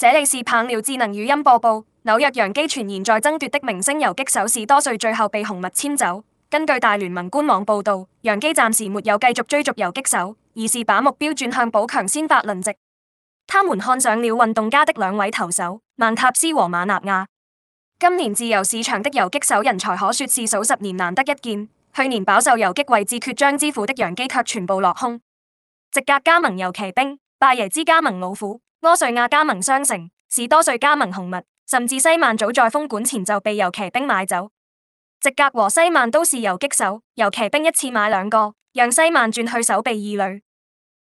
這裏是棒鳥智能語音播報。紐約洋基傳言在爭奪的明星游擊手史多瑞，最後被紅襪簽走。根據大聯盟官網報道，洋基暫時沒有繼續追逐游擊手，而是把目標轉向補強先發輪值。他們看上了運動家的兩位投手孟塔斯和馬納亞。今年自由市場的游擊手人才可說是數十年難得一見。去年飽受游擊位置缺將之苦的洋基卻全部落空。直格加盟遊騎兵，拜耶之加盟老虎。柯瑞亞加盟雙城，史多瑞加盟紅襪，甚至西曼早在封館前就被遊騎兵買走。席格和西曼都是游擊手，遊騎兵一次買兩個，讓西曼轉去守備二壘。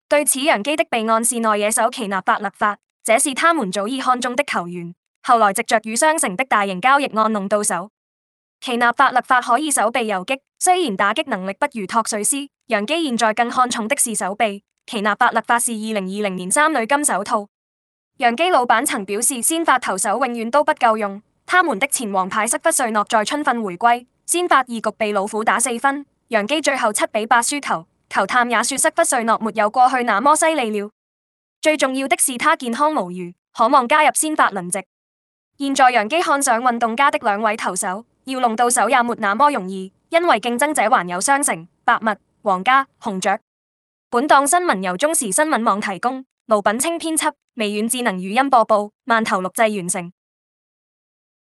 對此，洋基的備案是內野手奇納法勒法，這是他們早已看中的球員。後來藉着與雙城的大型交易案弄到手，奇納法勒法可以守備游擊，雖然打擊能力不如托瑞斯，洋基現在更看重的是守備。奇納法勒法是二零二零年三壘金手套。洋基老闆曾表示，先發投手永遠都不夠用。他們的前王牌塞弗瑞諾在春訓回歸，先發二局被老虎打四分，洋基最後七比八輸球。球探也說塞弗瑞諾沒有過去那麼犀利了。最重要的是他健康無虞，可望加入先發輪值。現在洋基看上運動家的兩位投手，要弄到手也沒那麼容易，因為競爭者還有雙城、白襪、皇家、紅雀。本檔新聞由中時新聞網提供。盧品清編輯，微軟智能語音播報，萬頭錄製完成。